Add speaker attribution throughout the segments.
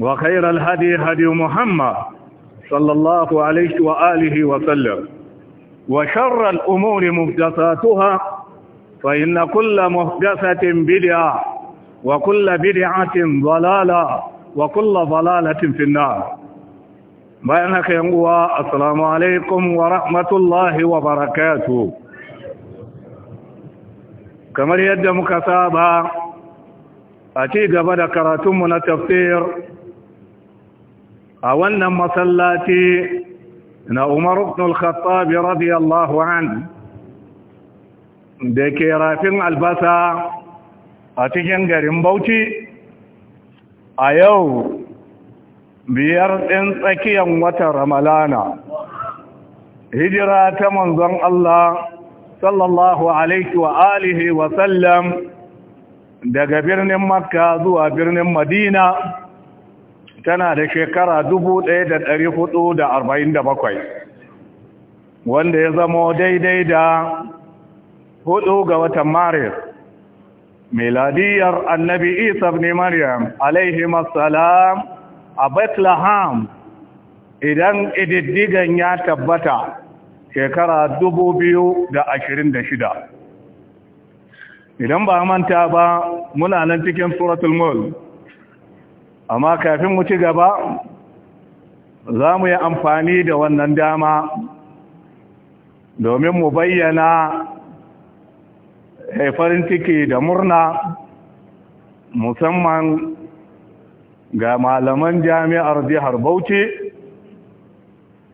Speaker 1: وخير الهدي هدي محمد صلى الله عليه وآله وسلم وشر الأمور مهدساتها فإن كل مهدسة بدعة وكل بدعة ضلالة وكل ضلالة في النار بينك ينقوى السلام عليكم ورحمة الله وبركاته كما يدى مكسابا أتيك بدأ كراتم من التفسير a wannan masallaci na umar ibn al radiyallahu an da ke rafin albasa a cikin garin bauchi a yau biyar ɗin tsakiyar watan ramalana hijira ta manzon Allah sallallahu alaihi wa alihi wa sallam daga birnin makka zuwa birnin madina tana da shekara da bakwai, wanda ya zama daidai da hudu ga watan maris miladiyar annabi isa ne maryam alaihi masalam a bethlehem idan ididdigan ya tabbata shekara shida. idan ba manta ba muna nan cikin suratul mulk amma kafin mu ci gaba za mu yi amfani da wannan dama domin mu bayyana eh, farin ciki da murna musamman ga malaman jami'ar jihar bauchi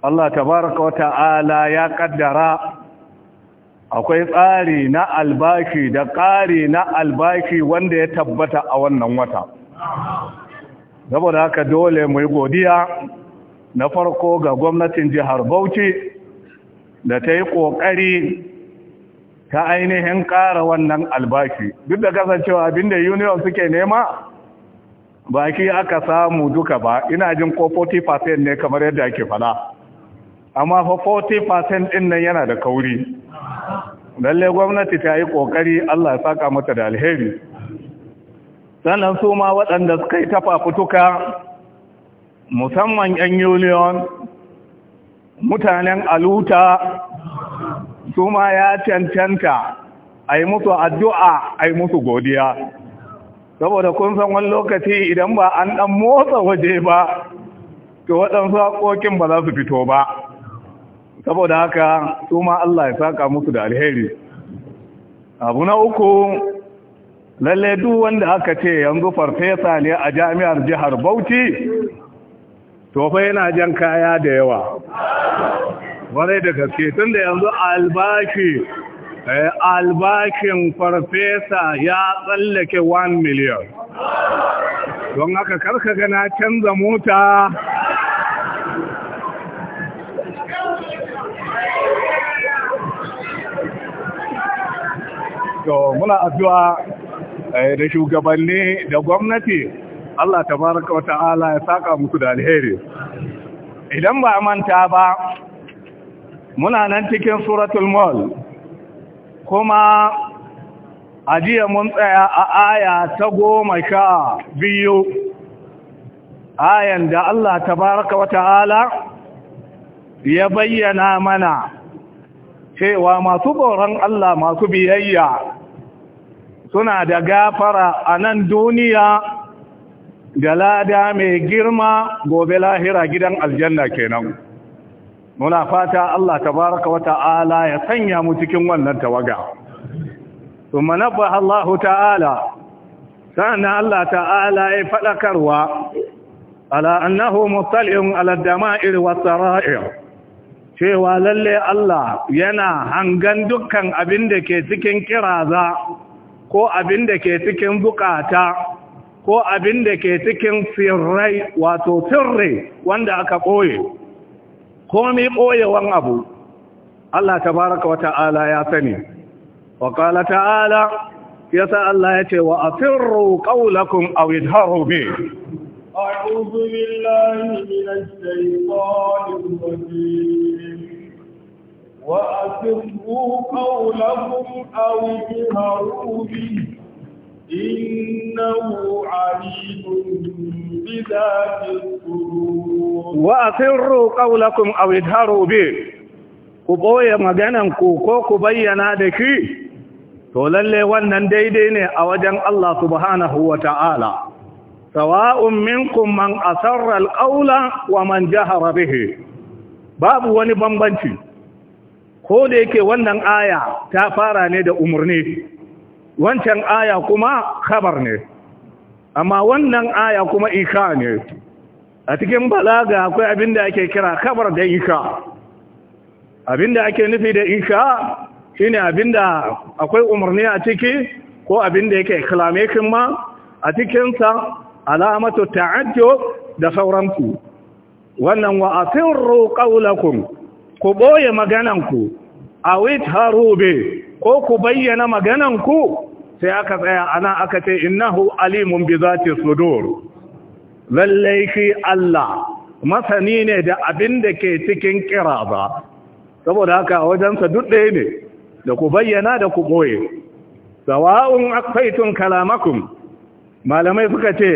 Speaker 1: Allah tabaraka wa ta'ala ya kaddara akwai tsari na albashi da ƙari na albashi wanda ya tabbata a wannan wata saboda haka dole mu godiya na farko ga gwamnatin jihar Bauchi da ta yi ƙoƙari ta ainihin ƙara wannan albashi duk da kasancewa abinda union suke nema baki aka samu duka ba ina jin ko 40% ne kamar yadda ake fada amma fa 40% din nan yana da kauri lalle gwamnati ta yi ƙoƙari Allah ya saka mata da alheri sannan su ma waɗanda suka yi tafafutuka musamman 'yan union mutanen aluta su ma ya cancanta a yi musu addu'a a yi musu godiya saboda kun san wani lokaci idan ba an ɗan motsa waje ba to waɗansu haƙoƙin ba za su fito ba saboda haka su ma Allah ya saka musu da alheri abu na uku lalle duk wanda aka ce yanzu farfesa ne a jami'ar jihar bauchi tofa yana jan kaya da yawa wadai da gaske tun da yanzu albashi eh, albashin farfesa ya tsallake 1 million. don haka karka gana canza mota to muna addu'a da shugabanni da gwamnati Allah tabaraka wa ta'ala ya saka musu da alheri idan ba manta ba muna nan cikin suratul mul kuma ajiya mun tsaya a aya ta goma sha biyu ayan da Allah tabaraka wa ta'ala ya bayyana mana cewa masu tsoron Allah masu biyayya suna da gafara a nan duniya da lada mai girma gobe lahira gidan aljanna kenan muna fata Allah tabaraka wa ta'ala ya sanya mu cikin wannan tawaga thumma nabbaha Allah ta'ala sana Allah ta'ala ya fadakarwa ala annahu mutali'un ala dama'ir wa sara'ir cewa lalle Allah yana hangan dukkan abin da ke cikin kiraza ko abin da ke cikin bukata ko abin da ke cikin sirrai wato sirri wanda aka koye komi koyewan abu Allah tabaraka wa ta'ala ya sani wa qala ta'ala yasa Allah ya ce wa asirru qawlakum aw idharu bi
Speaker 2: أعوذ بالله من الشيطان الرجيم وأسروا قولكم أو اجهروا به إنه عليم بذات الصدور
Speaker 1: وأسروا قولكم أو اجهروا به ku ɓoye magananku ko ku bayyana da shi to lalle wannan daidai ne a wajen Allah subhanahu wa ta'ala sawa'un minkum man asarra alƙaula wa man babu wani bambanci ko da yake wannan aya ta fara ne da umarni wancan aya kuma khabar ne amma wannan aya kuma isha ne a cikin balaga akwai abin da ake kira khabar da isha abin da ake nufi da isha shine abin da akwai umarni a ciki ko abin da yake kalamakin ma a cikinsa alamatu ta'ajjub da sauransu wannan wa asirru qawlakum ku ɓoye magananku a wit harube ko ku bayyana magananku sai aka tsaya ana aka ce innahu alimun bi zati sudur lallai fi Allah masani ne da abin da ke cikin kira ba saboda haka wajensa duk ne da ku bayyana da ku ɓoye sawa'un akfaitun kalamakum malamai suka ce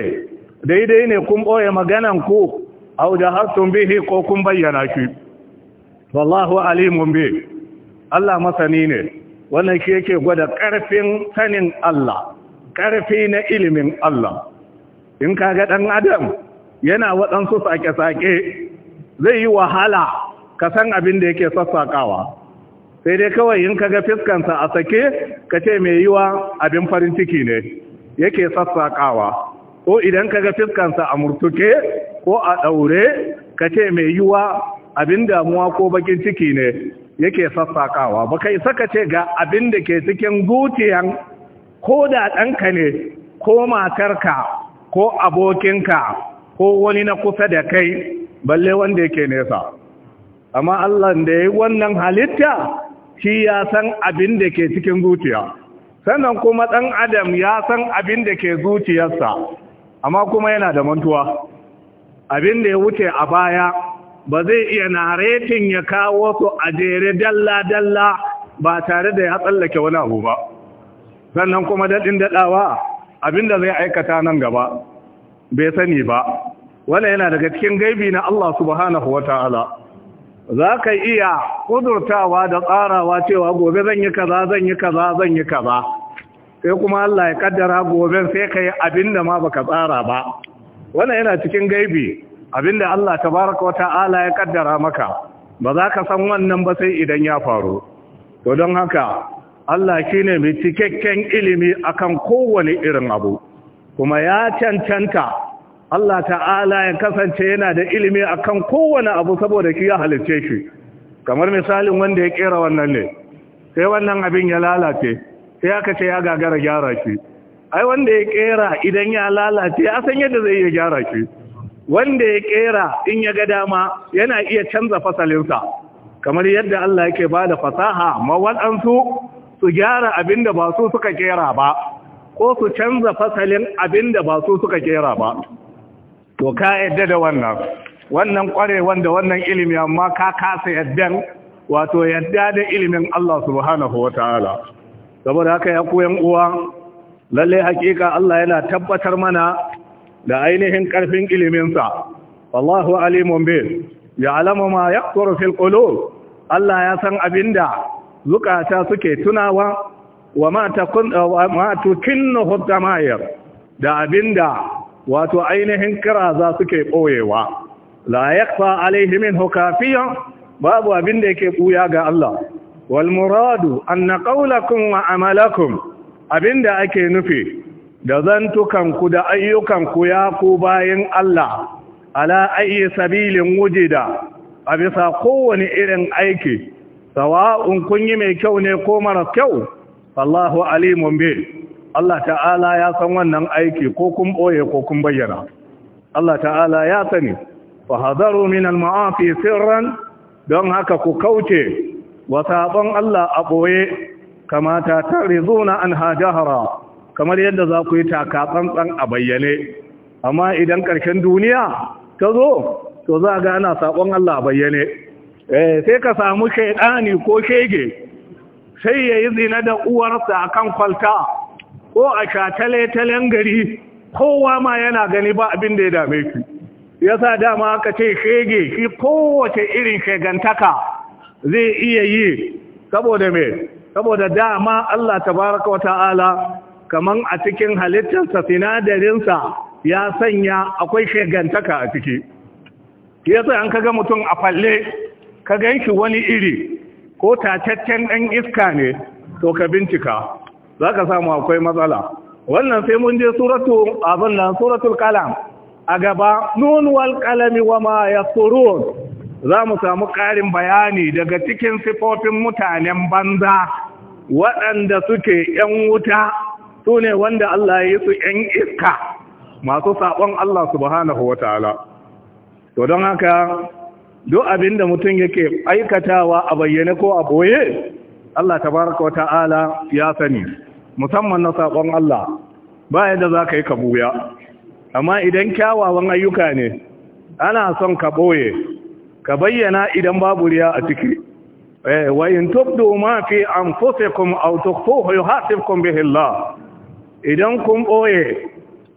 Speaker 1: daidai ne kun ɓoye magananku au da hasun bihi ko kun bayyana shi wallahu alimun bi Allah masani ne wannan shi yake gwada ƙarfin sanin Allah ƙarfi na ilimin Allah in kaga ɗan adam yana waɗansu sake-sake zai yi wahala ka san abin da yake sassaƙawa sai dai kawai in kaga fiskansa a sake ka ce mai yiwa abin farin ciki ne yake sassaƙawa ko idan kaga fiskansa a murtuke ko a ɗaure ka ce mai yiwa abin damuwa ko bakin ciki ne yake sassaƙawa ba kai saka ce ga abin da ke cikin zuciyan ko da ɗanka ne ko matarka ko abokinka ko wani na kusa da kai balle wanda yake nesa amma Allah da ya yi wannan halitta shi ya san abin da ke cikin zuciya sannan kuma ɗan adam ya san abin da ke zuciyarsa amma kuma yana da mantuwa abin da ya wuce a baya ba zai iya naretin ya kawo su a jere dalla-dalla ba tare da ya tsallake wani abu ba sannan kuma daɗin daɗawa abinda zai aikata nan gaba bai sani ba Wani yana daga cikin gaibi na Allah subhanahu wa ta'ala za ka iya kudurtawa da tsarawa cewa gobe zan yi kaza zan yi kaza zan yi kaza sai kuma Allah ya kaddara gobe sai ka yi abin da ma baka tsara ba wannan yana cikin gaibi Abin da Allah tabaraka wa ta'ala ya kaddara maka ba za ka san wannan ba sai idan ya faru to don haka Allah shi ne mai cikakken ilimi a kan kowane irin abu kuma ya cancanta Allah ta'ala ya kasance yana da ilimi a kan kowane abu saboda ki ya halice shi kamar misalin wanda ya kera wannan ne sai wannan abin ya lalace sai aka ce ya gagara gyara shi ai wanda ya kera idan ya lalace ya san yadda zai iya gyara shi wanda ya kera in ya ga dama yana iya canza fasalinsa kamar yadda Allah yake ba da fasaha mawaɗansu su gyara abin da ba su suka kera ba ko su canza fasalin abin da ba su suka kera ba to ka yadda da wannan wannan ƙwarewan da wannan ilimi amma ka kasa yaddan wato yadda da ilimin Allah subhanahu wa ta'ala saboda haka ya koyan uwa lallai hakika Allah yana tabbatar mana da ainihin ƙarfin iliminsa wallahu alimun Ya alamu ma yaqtaru fil Allah ya san abin da zukata suke tunawa wa ma takun hudda mayar da abin da wato ainihin za suke ɓoyewa la ya alaihi alihimin hukafiyan babu abin da yake buya ga Allah wal an anna ƙaulakun wa abin abinda ake nufi da zantukanku da ayyukanku ya ku bayan Allah ala ayi sabilin wujida a bisa kowane irin aiki sawa'un kun yi mai kyau ne ko maras kyau Allahu alimun bi Allah ta'ala ya san wannan aiki ko kun boye ko kun bayyana Allah ta'ala ya sani fa hadaru min al-ma'afi sirran don haka ku kauce wa sabon Allah a boye kamata tarizuna an hajahara kamar yadda za ku yi taka tsantsan a bayyane amma idan ƙarshen duniya ta zo to za a gana saƙon Allah a bayyane eh, sai ka samu ne ko shege sai ya yi zina da uwarsa a kan kwalta ko a shatale-talen gari kowa ma yana gani ba abin da ya dame shi ya sa dama aka ce shege shi kowace irin shegantaka zai iya yi saboda mai saboda dama Allah ta baraka wata'ala kaman a cikin halittarsa sinadarinsa ya sanya akwai shegantaka a ciki yasa an kaga mutum a falle ka ganshi wani iri ko tataccen ɗan iska ne to ka bincika za ka samu akwai matsala wannan sai mun je suratu abin nan suratul kalam a gaba nun wal kalami wa ma yasurun za mu samu ƙarin bayani daga cikin sifofin mutanen banza waɗanda suke ‘yan wuta su ne wanda Allah ya yi su ‘yan iska masu saɓon Allah subhanahu wa ta'ala. To don haka, duk abin da mutum yake aikatawa a bayyane ko a boye Allah tabaraka wa ta'ala ya sani, musamman na saƙon Allah, ba yadda za ka yi ka buya. Amma idan kyawawan ayyuka ne, ana son ka ɓoye, ka bayyana idan babu riya a ciki. وإن تبدوا ما في أنفسكم أو تخفوه يحاسبكم به الله idan kun ɓoye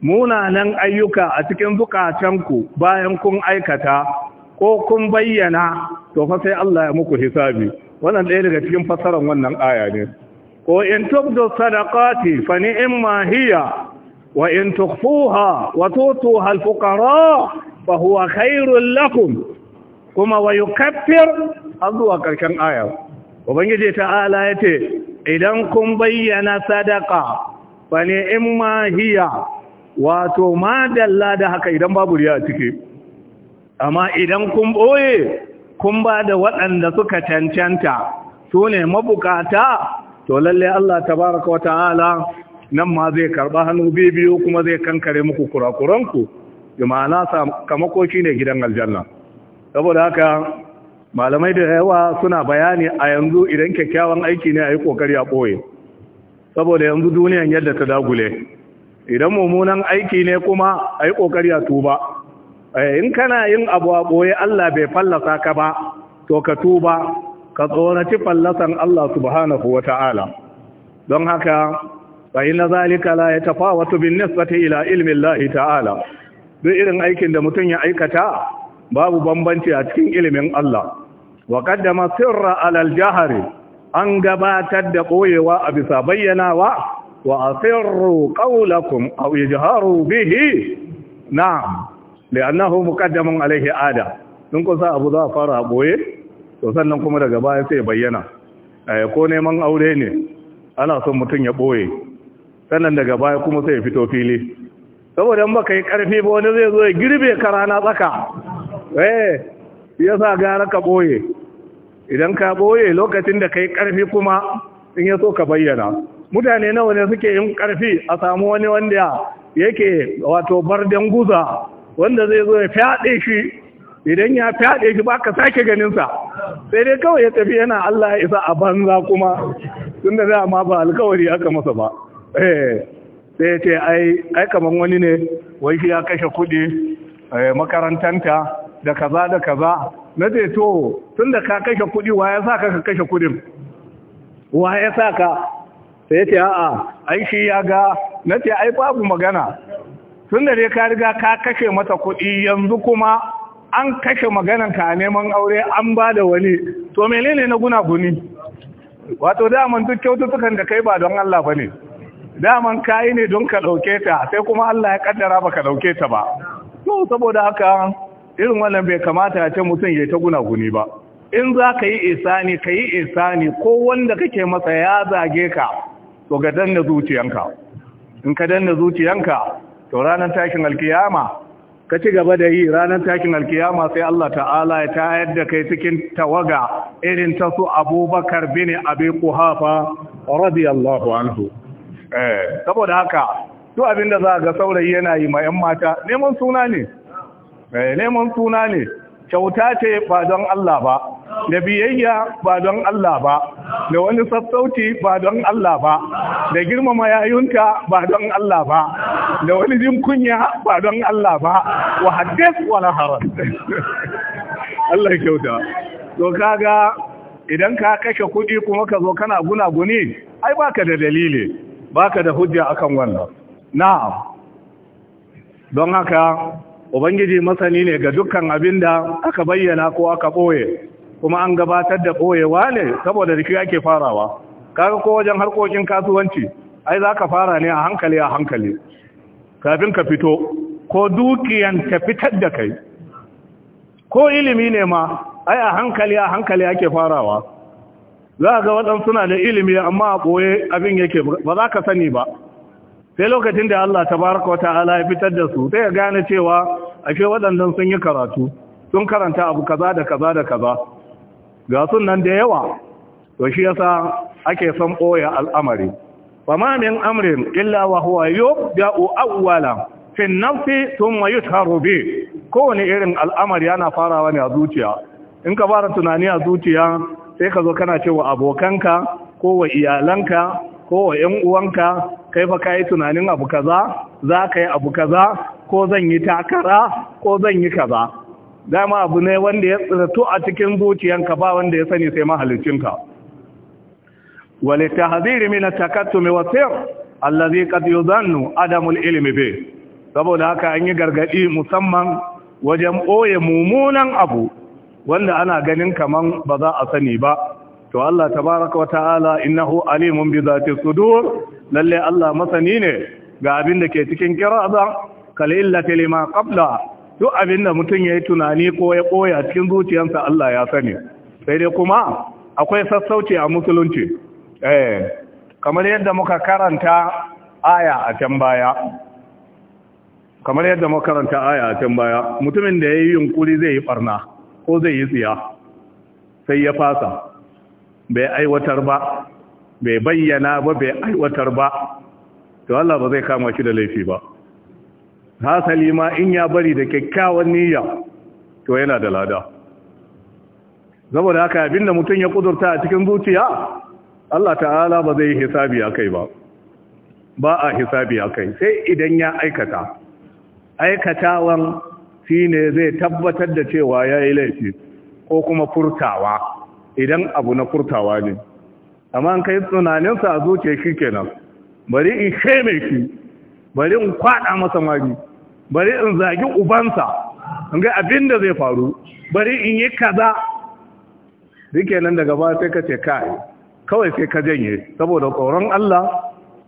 Speaker 1: munanan ayyuka a cikin zukatanku bayan kun aikata ko kun bayyana to fa sai Allah ya muku hisabi wannan ɗaya daga cikin fassarar wannan aya ne ko in tubdu sadaqati fa ni'ma hiya wa in tukhfuha wa tutuha al-fuqara fa huwa khairul lakum kuma wa yukaffir azwa karkan aya ubangiji ta'ala yace idan kun bayyana sadaqa fa in ma hiya wato ma dalla da haka idan babu riya ciki amma idan kun boye kun ba da waɗanda suka cancanta su ne mabukata to lalle Allah tabaraka wa ta'ala nan ma zai karba hannu biyu kuma zai kankare muku kurakuranku jima'ana ma'ana shi ne gidan aljanna saboda haka malamai da yawa suna bayani a yanzu idan kyakkyawan aiki ne a yi kokari a ɓoye saboda yanzu duniyan yadda ta dagule idan mummunan aiki ne kuma a yi ƙoƙari a tuba eh, in kana yin abu a ɓoye Allah bai fallasa ka ba to ka tuba ka tsoraci fallasan Allah subhanahu wa ta'ala don haka sai na zalika la ya wata bin nisbati ila ilmin lahi ta'ala duk irin aikin da mutum ya aikata babu bambanci a cikin ilimin Allah wa qaddama sirra alal jahari an gabatar da ɓoyewa a bisa bayyanawa wa asirru qawlakum aw ijharu bihi na'am li'annahu muqaddamun alayhi ada dun ko sa abu za fara boye to sannan kuma daga baya sai bayyana eh ko neman aure ne ana son mutun ya boye sannan daga baya kuma sai ya fito fili saboda in baka yi karfi ba wani zai zo ya girbe ka rana tsaka eh yasa gara ka ɓoye. idan ka boye lokacin da kai karfi kuma in yaso ka bayyana mutane nawa ne suke yin karfi a samu wani wanda yake wato barden guza wanda zai zo ya fyaɗe shi idan ya fyaɗe shi ba ka sake sa sai dai kawai ya tafi yana Allah ya isa a banza kuma tun da dama ba alkawari aka masa ba eh, sai ce ai kaman wani ne wai shi ya kashe kuɗi eh, makarantanta da kaza da kaza na ce to tun da ka kashe kudi wa ya sa ka ka kashe kudin wa ya sa ka sai ya ce a'a ai shi ya ga na ce ai babu magana tun da dai ka riga ka kashe mata kudi yanzu kuma an kashe maganan ka neman aure an ba da wani to mele ne na guna guni wato daman duk kyaututtukan da kai ba don Allah ba ne daman kayi ne don ka ɗauke ta sai kuma Allah ya kaddara ba ka ɗauke ta ba to saboda haka irin wannan bai kamata a ce mutum ya ta gunaguni ba in za ka yi isani ka yi isani ko wanda kake masa ya zage ka to ga danna zuciyanka in ka danna zuciyanka to ranar takin alkiyama ka ci gaba da yi ranar takin alkiyama sai Allah ta'ala ya tayar da kai cikin tawaga irin ta su abubakar bin abi kuhafa radiyallahu anhu eh, saboda haka duk abinda za ga saurayi yana yi ma 'yan mata neman suna ne Eh, neman suna ne kyauta ce ba don Allah ba da biyayya ba don Allah ba da wani sassauci ba don Allah ba da girmama yayunta ba don Allah ba da wani jin kunya ba don Allah ba wa haddes wa laharar Allah kyauta to kaga idan ka kashe kuɗi kuma ka zo kana gunaguni ai ba ka da dalili ka da hujja akan wannan na'am don haka ubangiji masani ne ga dukkan abin da aka bayyana ko aka ɓoye kuma an gabatar da ɓoyewa ne saboda da ake farawa kaga ko wajen harkokin kasuwanci ai za ka fara ne a hankali a hankali kafin ka fito ko dukiyan ta fitar da kai ko ilimi ne ma ai a hankali a hankali ake farawa za ga waɗansu suna da ilimi amma a ɓoye abin yake ba za ka sani ba sai lokacin da Allah Ta baraka wa ta'ala ya fitar da su sai ya gane cewa ashe waɗannan sun yi karatu sun karanta abu kaza da kaza da kaza ga sunan da yawa to shi yasa ake son ɓoye al'amari fama min amrin illa wa huwa yubda'u awwalan fi nafsi thumma yutharu bi kowane irin al'amari yana farawa ne a zuciya in ka fara tunani a zuciya sai ka zo kana cewa abokanka ko wa iyalanka ko wa ‘yan uwanka kai fa ka tunanin abu kaza za ka yi abu kaza ko zan yi takara ko zan yi kaza dama abu ne wanda ya tsirtu a cikin zuciyanka ba wanda ya sani sai mahalicinka wale ta min mina takattu mai wasir allazi qad yuzannu adamul ilmi bai. saboda haka an yi gargadi musamman wajen ɓoye mumunan abu wanda ana ganin kaman ba za a sani ba to Allah tabaraka wa ta'ala innahu alimun bi zati sudur lalle Allah masani ne ga abin da ke cikin kiraza kalilla lima qabla duk abinda mutum yayi tunani ko ya koya cikin zuciyarsa Allah ya sani sai dai kuma akwai sassauci a musulunci eh kamar yadda muka karanta aya a can baya kamar yadda muka karanta aya a can baya mutumin da yayi yunkuri zai yi barna ko zai yi tsiya sai ya fasa bai aiwatar ba bai bayyana ba bai aiwatar ba to Allah ba zai kama shi da laifi ba hasali ma in ya bari da kyakkyawan niyya to yana da lada saboda haka da mutum ya kudurta a cikin zuciya Allah ta'ala ba zai hisabi a kai ba ba a hisabi a kai sai idan ya aikata aikatawan shi ne zai tabbatar da cewa ya yi laifi ko kuma furtawa idan abu na furtawa ne amma kai tunaninsa a zuciya shi kenan bari in shaime shi bari in kwada masa magi bari in zagi ubansa in ga abin da zai faru bari in yi kaza duke nan daga ba sai ka ce kai kawai sai ka janye saboda tsoron Allah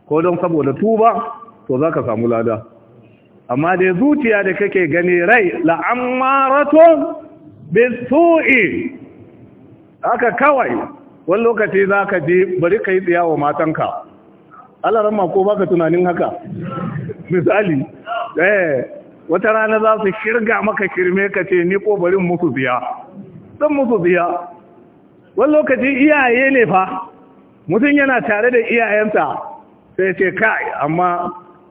Speaker 1: ko don saboda tuba to za ka samu lada amma dai zuciya da kake gani rai la'ammaratun bisu'i haka kawai wani lokaci za ka je bari ka yi tsiya wa matanka Allah ramma ko baka tunanin haka misali eh wata rana za su shirga maka shirme ka ce ni ko barin musu biya zan musu biya wani lokaci iyaye ne fa mutum yana tare da iyayensa sai ce kai amma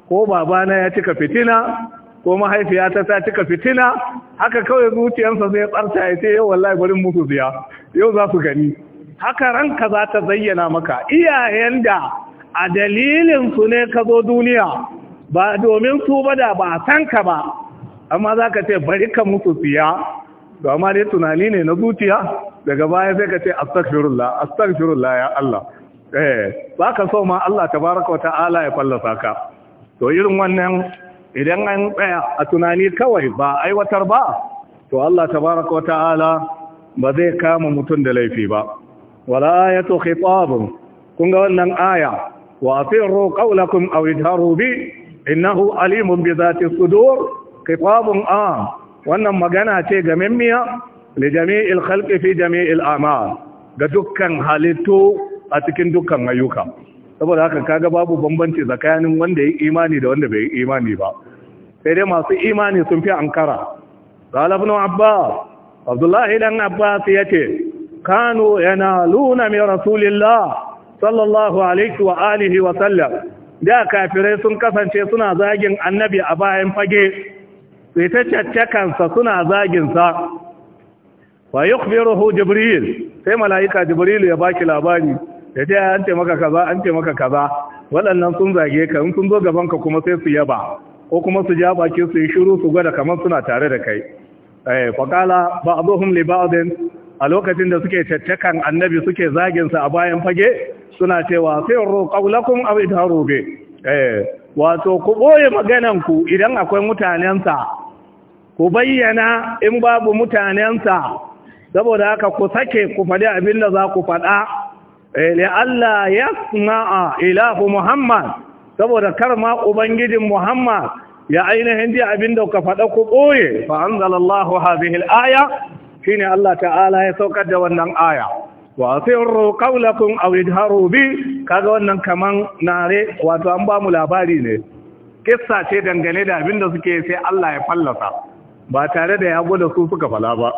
Speaker 1: ko babana ya cika fitina ko mahaifiyata ta cika fitina haka kawai zuciyarsa zai tsarta ya ce yau wallahi barin musu biya yau za su gani haka ranka za ta zayyana maka iyayen da a dalilinsu ne ka zo duniya ba domin su ba da ba san ka ba amma za ka ce bari ka mutu siya da amma dai tunani ne na zuciya daga baya sai ka ce astaghfirullah astaghfirullah ya Allah eh ba ka so ma Allah tabaraka wa ta'ala ya fallasa ka to irin wannan idan an tsaya a tunani kawai ba aiwatar ba to Allah tabaraka wata'ala ta'ala ba zai kama mutum da laifi ba wala ayatu khitabun kun ga wannan aya wa asirru qawlakum aw idharu bi innahu alimun bi zati sudur khitabun am wannan magana ce ga mimmiya li jami'il khalqi fi jami'il a'mal ga dukkan halittu a cikin dukkan ayyuka saboda haka kaga babu bambanci tsakanin wanda ya imani da wanda bai imani ba sai dai masu imani sun fi ankara galibin abbas abdullahi dan abbas ya kanu yana luna mai rasulillah sallallahu alaihi wa alihi wa sallam da kafirai sun kasance suna zagin annabi a bayan fage sai ta caccakansa suna zaginsa wa yukhbiruhu jibril sai malaika jibril ya baki labari ya ce an ce maka kaza an ce maka kaza waɗannan sun zage ka in sun zo gaban ka kuma sai su yaba ko kuma su ja baki su yi shiru su gwada kamar suna tare da kai eh faqala ba'dhum li a lokacin da suke caccakan annabi suke zagin a bayan fage suna cewa sirru roƙaulakun aw idharu eh, wato ku ɓoye maganan ku idan akwai mutanensa ku bayyana in babu mutanensa saboda haka ku sake ku faɗi abin da za ku faɗa eh, li Allah yasma'a ilahu Muhammad saboda kar ma ubangijin Muhammad ya ainihin ji abin da ka faɗa ku ɓoye fa anzalallahu hadhihi al Shi shine Allah ta'ala ya saukar da wannan aya wa asirru qawlakum aw idharu bi kaga wannan kaman nare wato an ba mu labari ne kissa ce dangane da abinda suke sai Allah ya fallasa ba tare da ya gwada su suka fala ba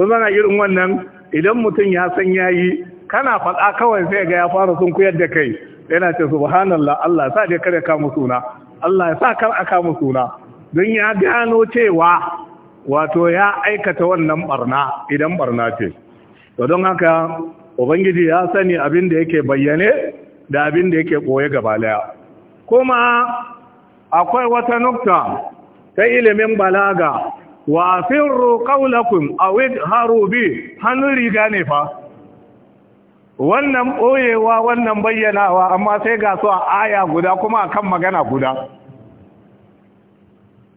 Speaker 1: kuma irin wannan idan mutum ya san yayi kana faɗa kawai sai ga ya fara sun kuyar da kai yana ce subhanallah Allah sa dai kare ka suna Allah ya sa kar aka suna don ya gano cewa wato ya aikata wannan barna idan barna ce to don haka ubangiji ya sani abin da yake bayyane da abin da yake koye gaba daya kuma akwai wata nukta ta ilimin balaga wa firru qaulakum aw idharu bi hannun riga ne fa wannan ɓoyewa wannan bayyanawa amma sai ga su a aya guda kuma akan magana guda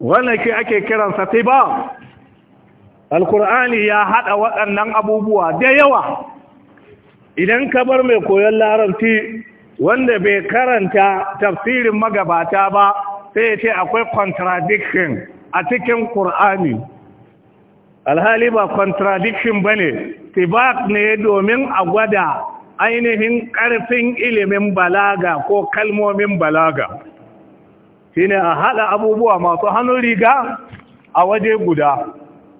Speaker 1: wannan ke ake kiransa tiba alkur'ani ya haɗa waɗannan abubuwa da yawa idan ka bar mai koyon larabci wanda bai karanta tafsirin magabata ba sai ya ce akwai contradiction a cikin Kur'ani. alhali ba contradiction ba ne tibak ne domin a gwada ainihin ƙarfin ilimin balaga ko kalmomin balaga ne a haɗa abubuwa masu hannun riga a waje guda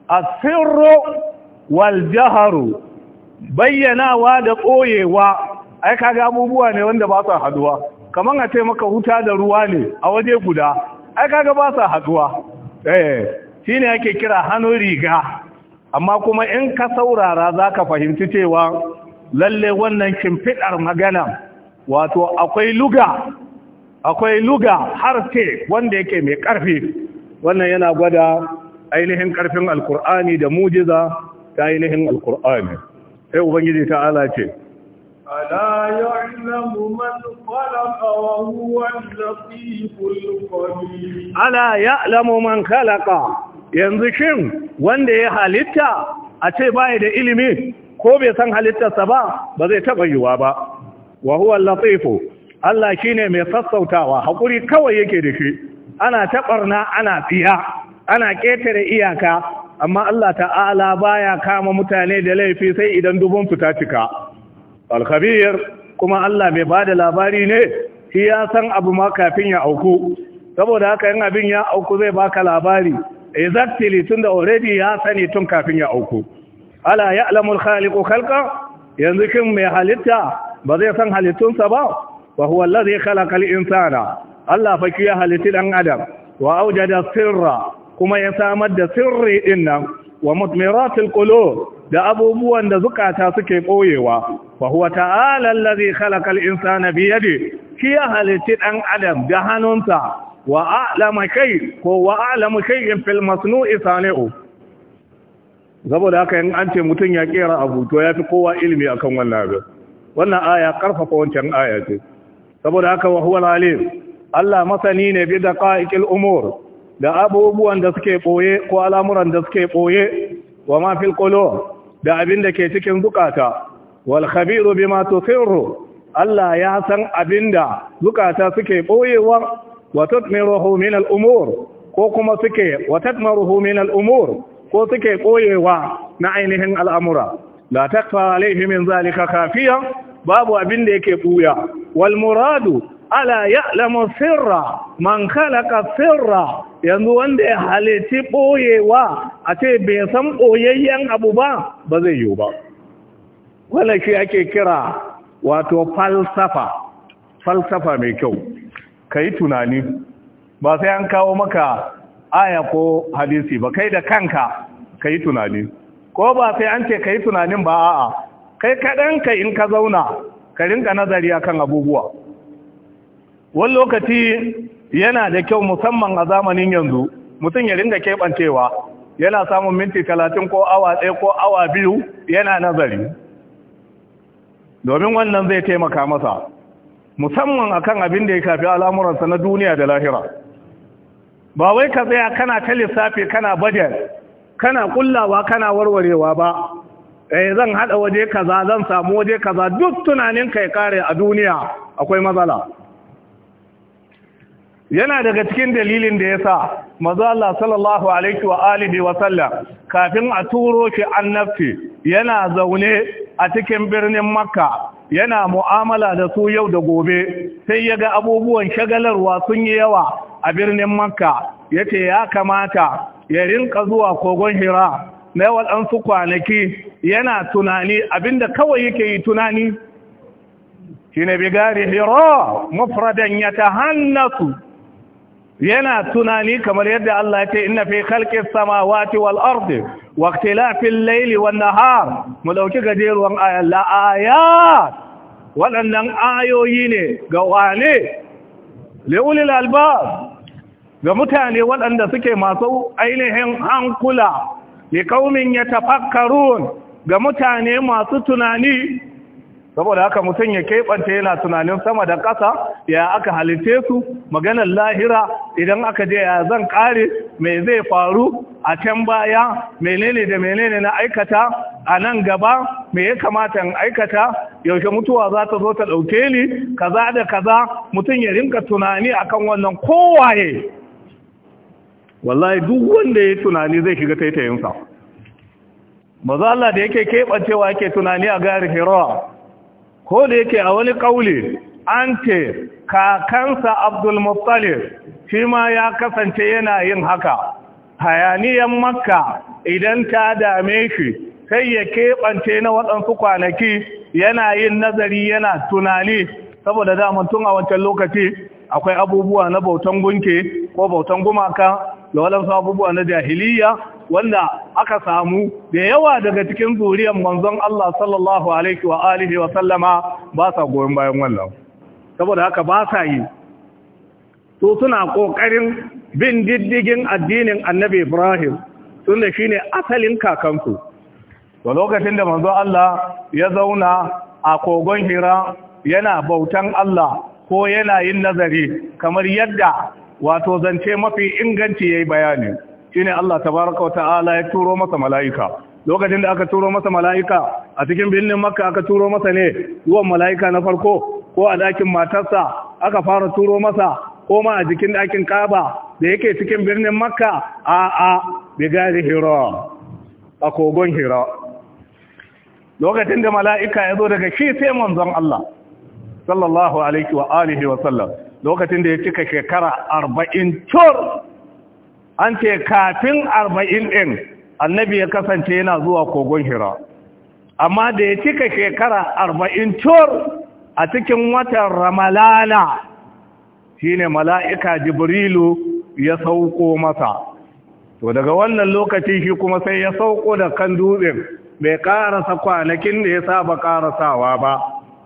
Speaker 1: asirro wal jaharu bayyanawa da ɓoyewa ai kaga abubuwa ne wanda ba haɗuwa. haduwa kaman a ce maka huta da ruwa ne a waje guda ai kaga ba sa haduwa eh shine ake kira hannun riga amma kuma in ka saurara zaka fahimci cewa lalle wannan kimfidar magana wato akwai luga akwai luga wanda yake mai karfi wannan yana gwada ainihin ƙarfin alkur'ani da mujiza ta ainihin alkur'ani sai ubangiji ta'ala ce
Speaker 2: ala ya'lamu man khalaqa wa huwa al-latiful khabir
Speaker 1: ala ya'lamu man khalaqa yanzu shin wanda ya halitta a ce bai da ilimi ko bai san halittarsa ba ba zai taba yiwa ba wa huwa al-latifu Allah shine mai sassautawa haƙuri kawai yake da shi ana taɓarna ana tsiya ana ƙetare iyaka amma Allah ta'ala baya kama mutane da laifi sai idan dubun fita cika alkhabir kuma Allah mai bada labari ne shi ya san abu ma kafin ya auku saboda haka yin abin ya auku zai baka labari exactly tunda already ya sani tun kafin ya auku ala ya'lamu al-khaliqu khalqa yanzu kin mai halitta ba zai san halittunsa ba wa huwa allazi khalaqa al-insana Allah fa ya halitti dan adam wa awjada sirra kuma ya samar da sirri din nan wa mutmiratil qulub da abubuwan da zukata suke koyewa fa huwa ta'ala allazi khalaqal insana bi yadi shi ya halitti dan adam da hannunsa wa a'lama kai ko wa a'lamu shay'in fil masnu'i sani'u saboda haka in an ce mutum ya kera abu to yafi kowa ilimi akan wannan abin wannan aya karfafa wancan aya ce saboda haka wa huwa alim Allah masani ne bi daqa'iqil umur da abubuwan da suke ɓoye ko al'amuran da suke ɓoye wa mafil ƙolo da abin da ke cikin zukata wal khabiru bima tusirru Allah ya san abin da zukata suke ɓoyewa wa tatmiruhu min al'umur ko kuma suke wa tatmaruhu min al'umur ko suke ɓoyewa na ainihin al'amura la takfa alaihi min zalika kafiya babu abin da yake ɓuya wal muradu ala ya'lamu sirra man khalaqa sirra yanzu wanda ya halitti boyewa a ce bai san boyayyen abu ba ba zai yiwu ba wala shi ake kira wato falsafa falsafa mai kyau kai tunani ba sai an kawo maka aya ko hadisi ba kai da kanka kai tunani ko ba sai an ce kai tunanin ba a'a kai kaɗan ka in ka zauna ka rinka nazari akan abubuwa wani lokaci yana da kyau musamman a zamanin yanzu mutum ya ringa keɓancewa yana samun minti talatin ko awa ɗaya ko awa biyu yana nazari domin wannan zai taimaka masa musamman a kan abin da ya kafi al'amuransa na duniya da lahira ba wai ka tsaya kana ta lissafi kana bajet kana kullawa kana warwarewa ba eh zan haɗa waje kaza zan samu waje kaza duk tunanin kai kare a duniya akwai matsala yana daga cikin dalilin da ya sa mazalla, sallallahu alaihi wa wa sallam kafin a turo shi annabci yana zaune a cikin birnin makka yana mu'amala da su yau da gobe sai ya ga abubuwan shagalarwa sun yi yawa a birnin makka ya ce ya kamata ya rinka zuwa kogon hira na waɗansu kwanaki yana tunani abinda kawai yake yi tunani shi ne bigari hira mafradan ya ta hannasu yana tunani kamar yadda Allah ya ce inna fi khalqi samawati wal ardi wa ikhtilafil layli wan nahar mu dauki gajeruwan ayat la ayat waɗannan ayoyi ne ga wane liulil albab ga mutane waɗanda suke masu ainihin hankula li qaumin yatafakkarun ga mutane masu tunani saboda haka mutum ya keɓanta yana tunanin sama da ƙasa ya aka halitte su maganar lahira idan aka je ya zan ƙare mai zai faru a can baya menene da menene na aikata a nan gaba me ya kamata in aikata yaushe mutuwa za ta zo ta ɗauke ni kaza da kaza mutum ya rinka tunani akan wannan kowaye wallahi duk wanda ya tunani zai shiga taitayinsa ba za Allah da yake keɓancewa yake tunani a gari Herawa. ko da yake a wani ƙauli an ce kakansa abdulmuttalib shi ma ya kasance yana yin haka hayaniyan makka idan ta dame shi sai ya keɓance na waɗansu kwanaki yana yin nazari yana tunani saboda daman tun a wancan lokaci akwai abubuwa na bautan gunke ko bautan gumaka da waɗansu abubuwa na jahiliya wanda aka samu da yawa daga cikin zuriyar manzon Allah sallallahu alaihi wa alihi wa sallama ba sa goyon bayan wannan saboda haka ba sa yi to suna kokarin bin diddigin addinin Annabi Ibrahim tunda shine asalin kakansu to lokacin da manzon Allah ya zauna a kogon Hira yana bautan Allah ko yana yin nazari kamar yadda wato zance mafi inganci yayi bayani shine Allah tabaraka wa ta'ala ya turo masa mala'ika lokacin da aka turo masa mala'ika a cikin birnin makka aka turo masa ne zuwan mala'ika na farko ko a dakin matarsa aka fara turo masa ko ma a jikin dakin kaba da yake cikin birnin makka a a bigari hira a kogon hira lokacin da mala'ika ya zo daga shi sai manzon Allah sallallahu alaihi wa alihi wa sallam lokacin da ya cika shekara arba'in cur an ce kafin arba'in ɗin annabi ya kasance yana zuwa kogon hira amma da ya cika shekara arba'in cur a cikin watan shi shine mala'ika jibrilu ya sauko masa to daga wannan lokaci shi kuma sai ya sauko da kan dutsen bai karasa kwanakin da ya saba karasawa ba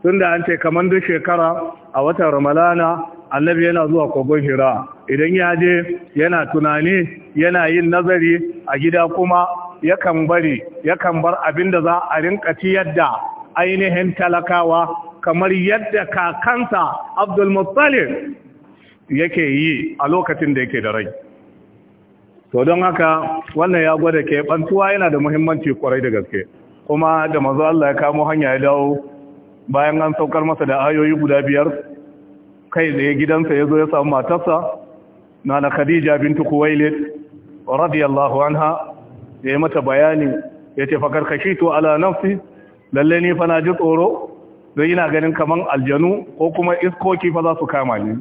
Speaker 1: tunda da an ce kamar duk shekara a watan ramalana annabi yana zuwa kogon hira idan ya je yana tunani yana yin nazari a gida kuma yakan bari yakan bar abin da za a rinka ci yadda ainihin talakawa kamar yadda kakansa abdul muttalib yake yi a lokacin da yake da rai to don haka wannan ya gwada ke bantuwa yana da muhimmanci kwarai da gaske kuma da mazo Allah ya kamo hanya ya dawo bayan an saukar masa da ayoyi guda biyar kai tsaye gidansa ya zo ya samu matarsa nana khadija bintu kuwailid radiyallahu anha ya mata bayani ya ce fakar to ala nafsi lalle ni fa na ji tsoro don yana ganin kaman aljanu ko kuma iskoki fa za su kama ni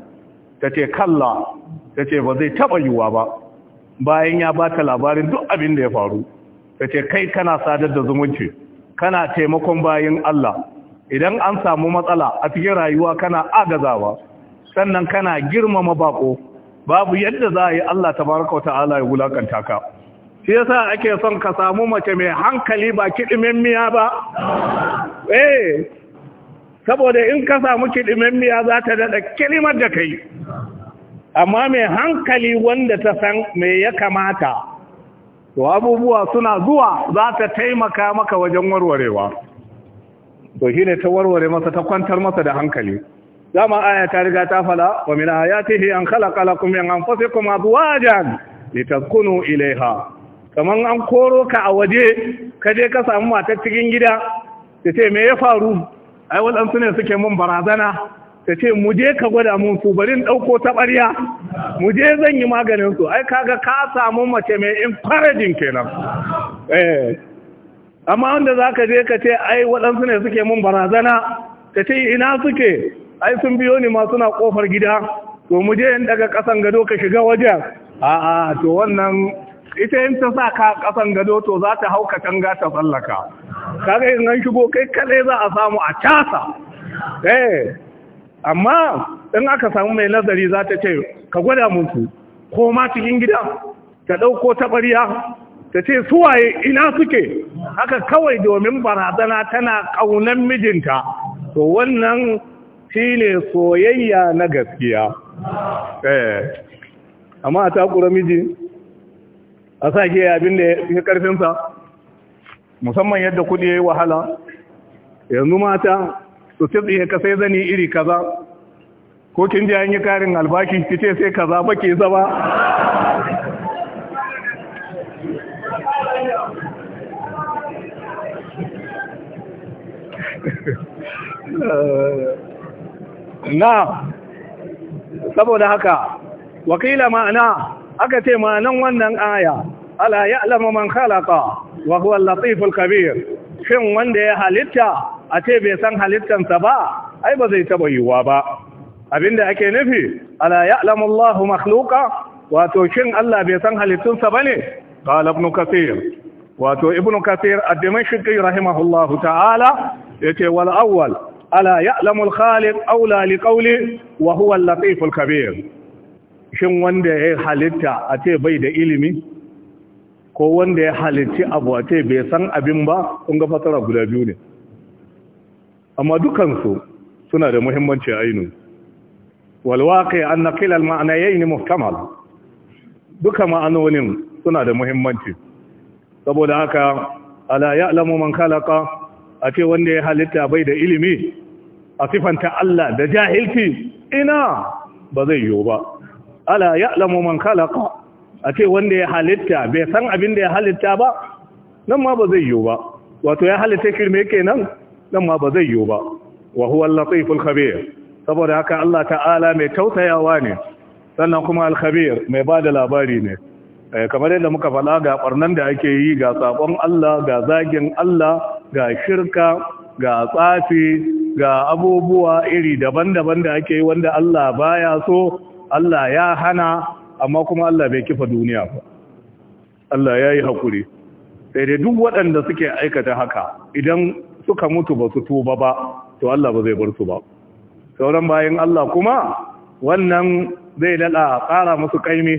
Speaker 1: ta ce kalla ta ce ba zai taba yiwuwa ba bayan ya ba ta labarin duk abin da ya faru ta ce kai kana sadar da zumunci kana taimakon bayan Allah idan an samu matsala a cikin rayuwa kana agazawa sannan kana girmama bako babu yadda za a yi Allah tabaraka wa ta'ala ya wulakanta ka shi yasa ake son ka samu mace mai hankali ba kiɗimin miya ba eh saboda in ka samu kiɗimin miya za ta dada kilimar da kai amma mai hankali wanda ta san mai ya kamata to abubuwa suna zuwa za ta taimaka maka wajen warwarewa to ne ta warware masa ta kwantar masa da hankali dama aya ta riga ta fala wa min ayatihi an khalaqa lakum min anfusikum azwajan litakunu ilaiha kaman an koro ka a waje ka je ka samu mata cikin gida ta ce me ya faru ai waɗansu ne suke mun barazana ta ce mu je ka gwada mun su bari in ɗauko taɓarya mu je zan yi maganin su ai kaga ka samu mace mai encouraging kenan eh amma wanda zaka je ka ce ai waɗansu ne suke mun barazana ka ce ina suke ai sun biyo ni ma suna kofar gida to mu je in daga kasan gado ka shiga wajen a'a to wannan ita yin ta sa ka kasan gado to za ta hau katanga ta tsallaka kaga in an shigo kai kale za a samu a casa eh amma in aka samu mai nazari za ta ce ka gwada musu ko ma cikin gida ta ɗauko bariya ta ce suwaye ina suke haka kawai domin barazana tana ƙaunan mijinta to wannan shi ne soyayya na gaskiya eh, amma a takura miji a sa ke yabin da ya karfinsa musamman yadda kuɗi ya yi wahala yanzu mata su tsaye ka sai zani iri kaza ko kin ji an yi karin albashi ki ce sai kaza ba ke zaba Uh... Eh. na saboda haka wakila ma'ana aka ce ma'anan wannan aya ala ya'lamu man khalaqa wa huwa latiful kabir shin wanda ya halitta a ce bai san halittansa ba ai ba zai taba yiwuwa ba abinda ake nufi ala ya'lamu Allahu makhluqa wato shin Allah bai san halittunsa bane qala ibn kathir wato ibn kathir ad-dimashqi rahimahullahu ta'ala yace wal awwal ala ya'lamul khaliq aula liqawli wa huwa al-latiful kabir shin wanda ya halitta a ce bai da ilimi ko wanda ya halitti abu a ce bai san abin ba kun ga fasara guda biyu ne amma dukansu suna da muhimmanci wal waqi an na al ma'nayayn muhtamal duka ma'anonin suna da muhimmanci saboda haka ala ya'lamu man khalaqa a ce wanda ya halitta bai da ilimi a sifanta Allah da jahilci ina ba zai yiwu ba ala alamu man kalaka a ce wanda ya halitta bai san abin da ya halitta ba nan ma ba zai yiwu ba wato ya halitta kirme kenan nan ma ba zai yiwu ba wa huwa al-latiful saboda haka Allah ta'ala mai tausayawa ne sannan kuma al-khabir mai bada labari ne eh, kamar yadda muka faɗa ga ɓarnan da ake yi ga sakon Allah ga zagin Allah ga shirka ga tsafi ga abubuwa iri daban-daban da ake wanda Allah baya so Allah ya hana amma kuma Allah bai kifa duniya ba Allah ya yi haƙuri sai dai duk waɗanda suke aikata haka idan suka mutu ba su tuba ba to Allah ba zai bar su ba sauran bayan Allah kuma wannan zai a ƙara musu kaimi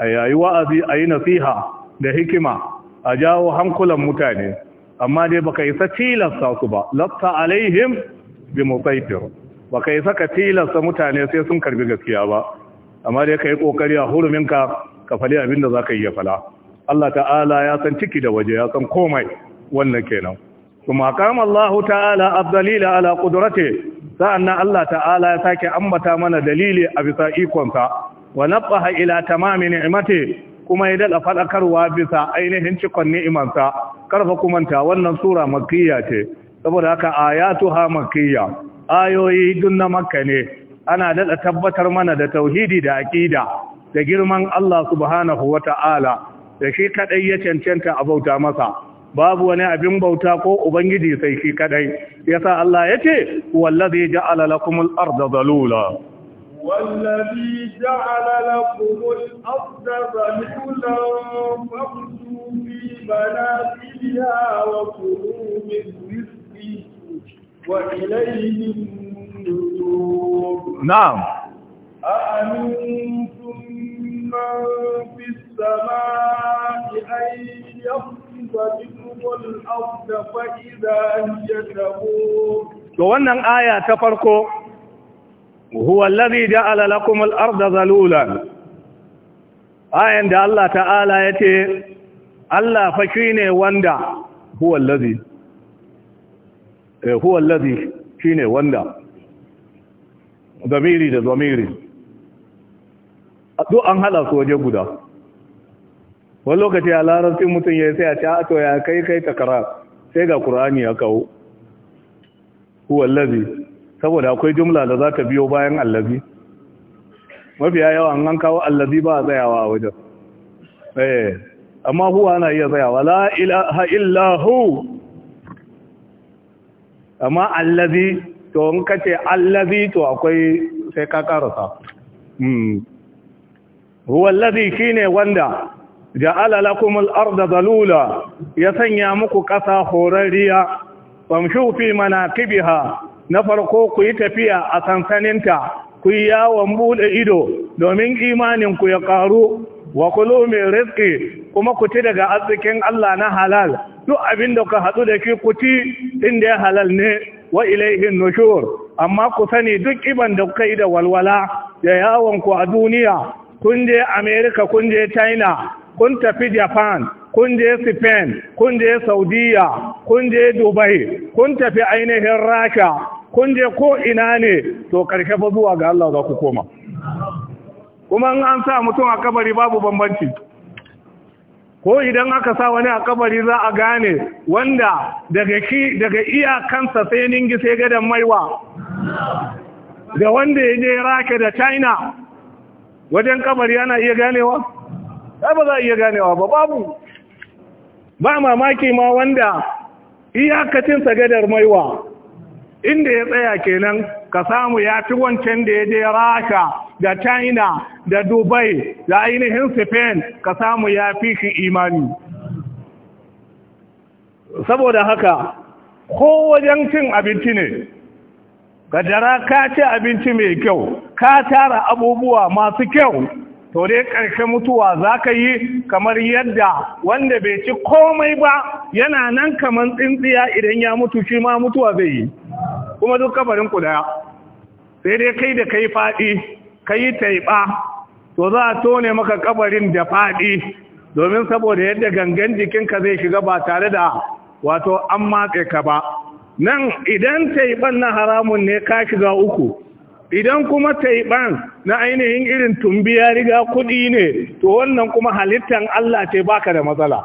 Speaker 1: a yayi wa'azi a yi nasiha da hikima a jawo hankulan mutane amma dai baka isa tilasta su ba lafta alaihim bi musaitir baka yi saka tilasta mutane sai sun karbi gaskiya ba amma dai kai kokari a huruminka ka fali abinda zaka yi ya fala Allah ta'ala ya san ciki da waje ya san komai wannan kenan kuma kama Allah ta'ala abdalila ala qudrati nan Allah ta'ala ya sake ambata mana dalili a bisa ikonsa wa nabaha ila tamami ni'mati kuma ya dala fadakarwa bisa ainihin cikon ni'imansa karfa kumanta wannan sura makiyya ce saboda haka ha makiyya. ayoyi dun na makka ne ana dada tabbatar mana da tauhidi da aqida da girman Allah subhanahu wata'ala da shi kadai ya cancanta a bauta masa babu wani abin bauta ko ubangiji sai shi kadai yasa Allah yace wallazi ja'ala lakumul arda zalula
Speaker 2: wallazi ja'ala lakumul arda zalula famsu مناقبها وكلوا من رزقي وإليه النشور نعم أأمنتم من في السماء أن يخطف بكم الأرض فإذا هي تمور
Speaker 1: to wannan aya ta farko huwa allazi ja'ala lakum al-ardha zalulan ayan da Allah ta'ala yace Allah fa shi ne wanda huwa allazi eh huwa shi ne wanda zamiri da zamiri duk an hada su waje guda wani lokaci a larabci mutum ya sai a ci ato ya kai kai takara sai ga ƙur'ani ya kawo huwa allazi saboda akwai jumla da za ta biyo bayan allazi mafiya yawa an kawo allazi ba a tsayawa a wajen eh. amma huwa ana iya tsayawa la ilaha illa hu amma allazi to in kace allazi to akwai sai ka karasa mm huwa allazi shine wanda ja'ala lakum al-ardha dalula ya sanya muku kasa horariya famshu fi manaqibiha na farko ku yi tafiya a sansaninta ku yi yawon bude ido domin imaninku ya karu wa kulu min rizqi kuma ku ci daga arzikin Allah na halal duk abin da ka hadu da shi ku ci inda ya halal ne wa ilaihi nushur amma ku sani duk iban da kai da walwala ya yawon ku a duniya kun je America kun je China kun tafi Japan kun je Spain kun je Saudiya kun je Dubai kun tafi ainihin Rasha kun je ko ina ne to karshe ba zuwa ga Allah za ku koma kuma in an sa mutum a kabari babu bambanci ko idan aka sa wani a kabari za a gane wanda daga ki daga iyakansa sai ningi sai gadan maiwa da wanda ya je rake da china wajen kabari ana iya ganewa sai ba za a iya ganewa ba babu ba mamaki ma wanda iyakacinsa gadar maiwa inda ya tsaya kenan ka samu ya fi wancan da ya je rasha da china da dubai da ainihin spain ka samu ya fi shi imani saboda haka ko wajen cin abinci ne jara ka ci abinci mai kyau ka tara abubuwa masu kyau to dai ƙarshe mutuwa za ka yi kamar yadda wanda bai ci komai ba yana nan kamar tsintsiya idan ya mutu shi ma mutuwa zai yi kuma duk kabarin ku daya sai dai kai da kai faɗi kai taiba to za a tone maka kabarin da faɗi domin saboda yadda gangan jikinka zai shiga ba tare da wato an matse ka ba nan idan taiban na haramun ne ka shiga uku idan kuma taiban na ainihin irin tumbiya riga kuɗi ne to wannan kuma halittan Allah ce baka da matsala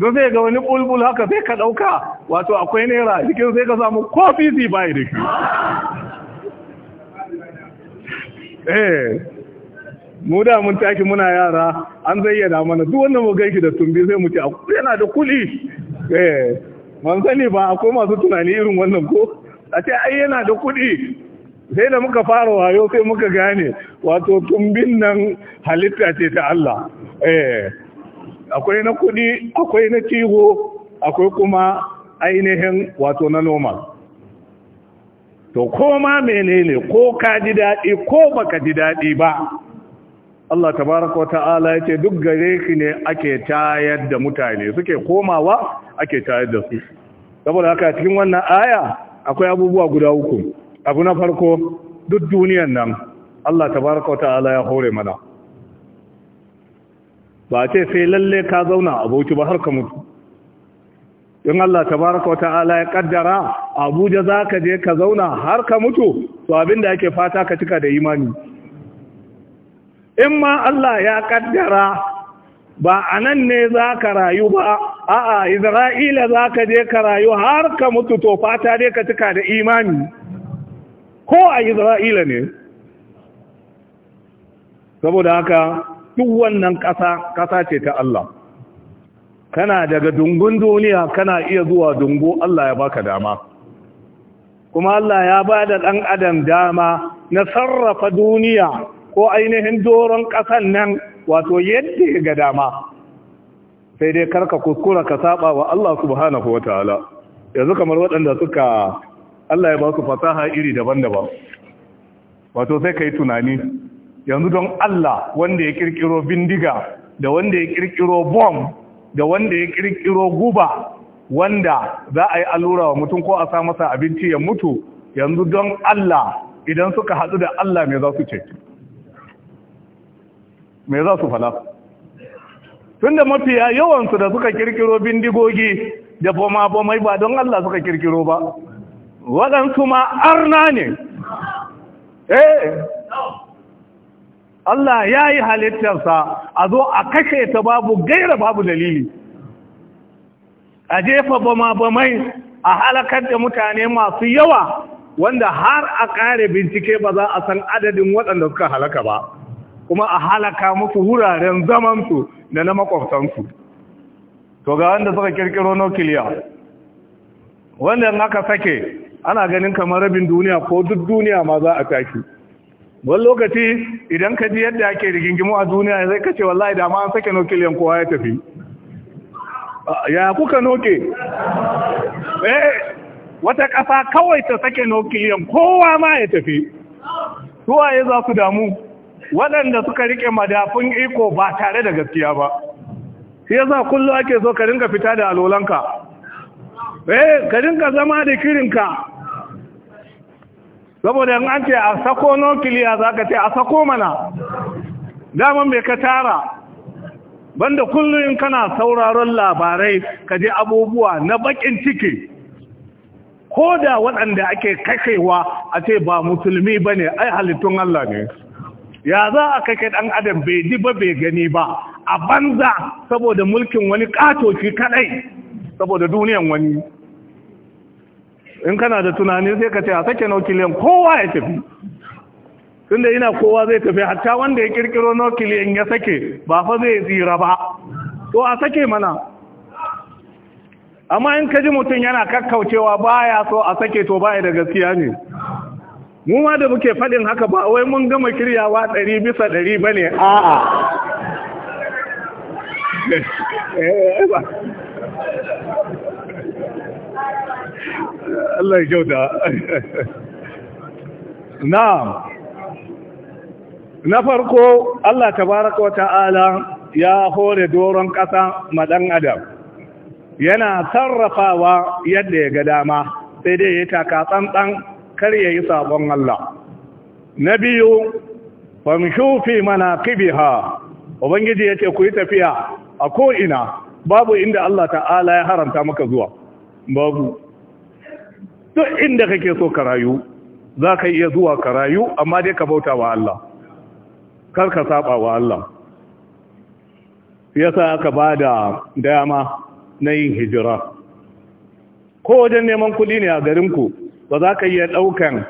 Speaker 1: don zai ga wani bulbul haka sai ka ɗauka wato akwai naira jikin sai ka samu kofi zai bayi da shi eh mu da mun taki muna yara an zayyana mana duk wanda mu gaiki da tumbi sai mu ce yana da kuli eh man sani ba akwai masu tunani irin wannan ko a ce ai yana da kuɗi sai da muka fara wayo sai muka gane wato tumbin nan halitta ce ta Allah eh akwai na kudi akwai na kiwo akwai kuma ainihin wato na noma to koma menene ko ka ji daɗi ko baka ji daɗi ba Allah tabaraka ta'ala ya ce duk gare shi ne ake tayar da mutane suke komawa ake tayar da su saboda haka cikin wannan aya akwai abubuwa guda uku abu na farko duk duniyan nan Allah tabaraka ta'ala ya hore mana ba ce sai lalle ka zauna a ba har ka mutu in Allah tabaraka wata ta'ala ya kaddara Abuja za ka je ka zauna har ka mutu to abinda yake fata ka cika da imani in ma Allah ya kaddara ba a nan ne za ka rayu ba a'a Isra'ila za ka je ka rayu har ka mutu to fata dai ka cika da imani ko a Isra'ila ne saboda haka duk wannan ƙasa ƙasa ce ta Allah kana daga dungun duniya kana iya zuwa dungu Allah ya baka dama kuma Allah ya ba da ɗan adam dama na sarrafa duniya ko ainihin doron ƙasan nan wato yadda ga dama sai dai karka kuskura ka saba wa Allah subhanahu wa ta'ala yanzu kamar waɗanda suka Allah ya ba su fasaha iri daban-daban wato sai ka yi tunani yanzu don Allah wanda ya kirkiro bindiga da wanda ya kirkiro bomb da wanda ya kirkiro guba wanda za a yi allura wa mutum ko a sa masa abinci ya mutu yanzu don Allah idan suka haɗu da Allah mai za su ce me za su fala tunda mafiya yawansu da suka kirkiro bindigogi da boma-bomai ba don Allah suka kirkiro ba waɗansu ma arna ne eh Allah ya yi halittarsa a zo a kashe ta babu gaira babu dalili a jefa bama bamai a halakar da mutane masu yawa wanda har a ƙare bincike ba za a san adadin waɗanda suka halaka ba kuma a halaka musu wuraren zamansu da na makwabtansu to ga wanda suka kirkiro nukiliya wanda aka sake ana ganin kamar rabin duniya ko duk duniya ma za a tashi wani lokaci idan ka ji yadda ake rigingimu a duniya zai kace wallahi da ma an sake nukiliyan kowa ya tafi ya kuka noke eh wata ƙasa kawai ta sake nukiliyan kowa ma ya tafi suwaye za su damu waɗanda suka rike madafin iko ba tare da gaskiya ba ya yasa kullum ake so ka rinka fita da alolanka eh ka rinka zama da kirinka saboda in an ce a sako nukiliya za ka ce a sako mana daman bai ka tara banda kullum in kana sauraron labarai ka je abubuwa na bakin ciki ko da waɗanda ake kashewa a ce ba musulmi ba ne ai halittun Allah ne ya za a kake ɗan adam bai ji ba bai gani ba a banza saboda mulkin wani ƙato shi kaɗai saboda duniyan wani in kana da tunani sai ka ce a sake nukiliyan kowa ya tafi tunda ina kowa zai tafi hatta wanda ya kirkiro nukiliyan ya sake ba fa zai tsira ba to a sake mana amma in ka ji mutum yana kakkaucewa baya so a sake to baya da gaskiya ne mu ma da muke faɗin haka ba wai mun gama kiryawa ɗari bisa ɗari ba ne a'a eh, eh,
Speaker 3: Allah ya kyauta
Speaker 1: na'am na farko Allah tabaraka wa ta'ala ya hore doron ƙasa maɗan adam yana sarrafawa yadda ya ga dama sai dai ya taka tsantsan kar ya yi sabon Allah na biyu famshufi mana kibiha ubangiji ya ce ku yi tafiya a ko'ina babu inda Allah ta'ala ya haramta maka zuwa babu duk inda kake so ka rayu za ka iya zuwa ka rayu amma dai ka bauta wa Allah kar ka saba wa Allah yasa aka ba da dama na yin hijira ko wajen neman kuɗi ne a garinku ba za ka iya ɗaukan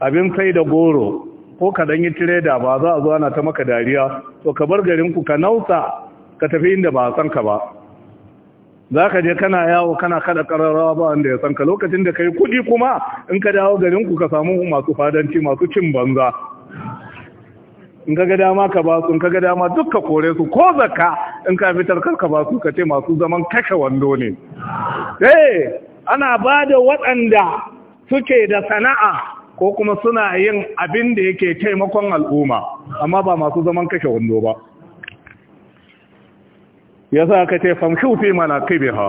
Speaker 1: abin sai da goro ko ka yi tireda ba za a zo ana ta maka dariya to ka bar garinku ka nausa ka tafi inda ba a san ka ba za ka je kana yawo kana kada kararrawa ba wanda ya san lokacin da ka yi kudi kuma in ka dawo garinku ka samu masu fadanci masu cin banza in ka ga dama ka ba su in ka ga dama duk ka kore su ko zakka in ka fitar kar ka ba su ka ce masu zaman kashe wando ne eh ana ba da waɗanda suke da sana'a ko kuma suna yin abin da yake taimakon al'umma amma ba masu zaman kashe wando ba ya sa ka ce famshu fi manaqibiha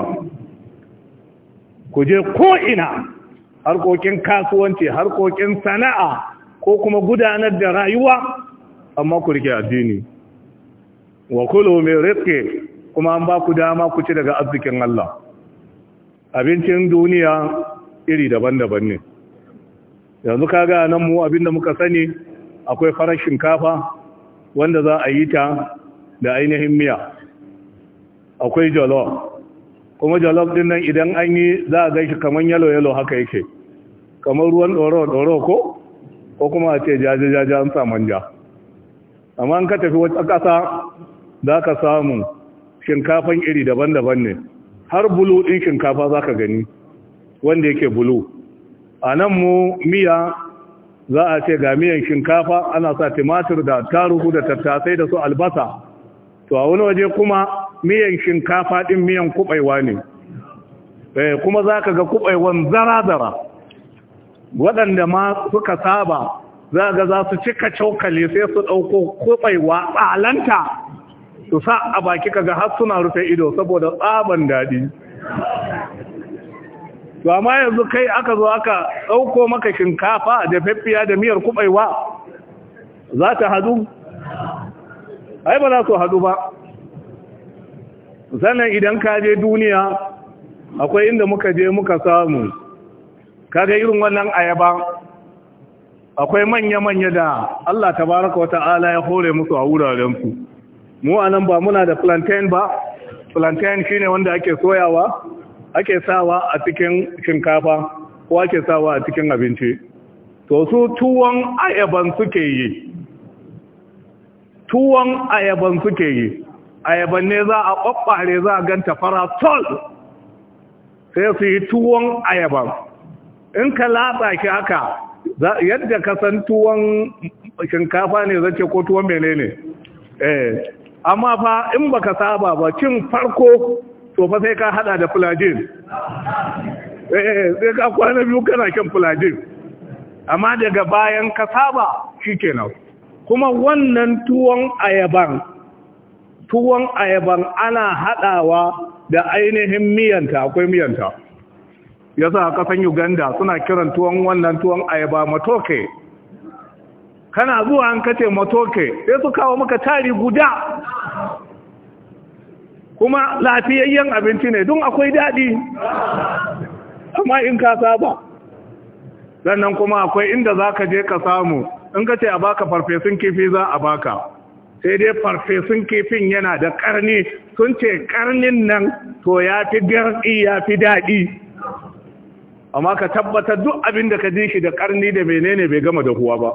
Speaker 1: ku je koina ina harkokin kasuwanci harkokin sana'a ko kuma gudanar da rayuwa amma ku rike addini wa kulu mai rizqi kuma an ba ku dama ku ci daga arzikin Allah abincin duniya iri daban-daban ne yanzu ka kaga nan mu abin da muka sani akwai farar shinkafa wanda za a yi ta da ainihin miya akwai jolof kuma jolof din nan idan an yi za a gaishe kamar yalo yalo haka yake kamar ruwan ɗoro ɗoro ko ko kuma a ce jaje jaje an sa manja amma an ka tafi wata ƙasa za ka samu shinkafan iri daban-daban ne har bulu ɗin shinkafa za ka gani wanda yake bulu a nan mu miya za a ce ga miyan shinkafa ana sa timatir da taruhu da tattasai da su albasa to a wani waje kuma miyan shinkafa ɗin miyan kuɓaiwa ne eh, kuma za ka ga kuɓaiwan zara-zara waɗanda ma suka saba za ga za su cika cokali sai su ɗauko kuɓaiwa tsalanta su sa a baki ka ga har suna rufe ido saboda tsaban daɗi to amma yanzu kai aka zo aka ɗauko maka shinkafa da faffiya da miyar kuɓaiwa za ta hadu? ai ba za su haɗu ba sannan idan ka je duniya akwai inda muka je muka samu kaga irin wannan ayaba akwai manya-manya da Allah tabaraka ala ya hore musu a wurarensu mu a nan ba muna da plantain ba plantain shi ne wanda ake soyawa ake sawa a cikin shinkafa ko ake sawa a cikin abinci to su tuwon ayaban suke yi tuwon ayaban suke yi ayabanne za a ɓaɓɓare za a ganta fara sol sai su yi tuwon ayaban in ka latsa ki haka yadda ka san tuwon shinkafa ne zace ko tuwon mene ne eh amma fa in baka saba ba cin farko to fa sai ka hada da fulajin eh sai ka kwana biyu kana kan fulajin amma daga bayan ka saba shikenan kuma wannan tuwon ayaban tuwon ayaban ana haɗawa da ainihin miyanta akwai miyanta ya sa kasan uganda suna kiran tuwon wannan tuwon ayaba matoke kana zuwa an kace matoke sai su kawo maka tari guda kuma lafiyayyen abinci ne don akwai daɗi amma in ka saba sannan kuma akwai inda za ka je ka samu in kace a baka farfesun kifi za a baka sai dai farfesun kifin yana da karni sun ce ƙarnin nan to ya fi garɗi ya fi daɗi amma ka tabbata duk abin da ka ji shi da karni da menene bai gama da huwa ba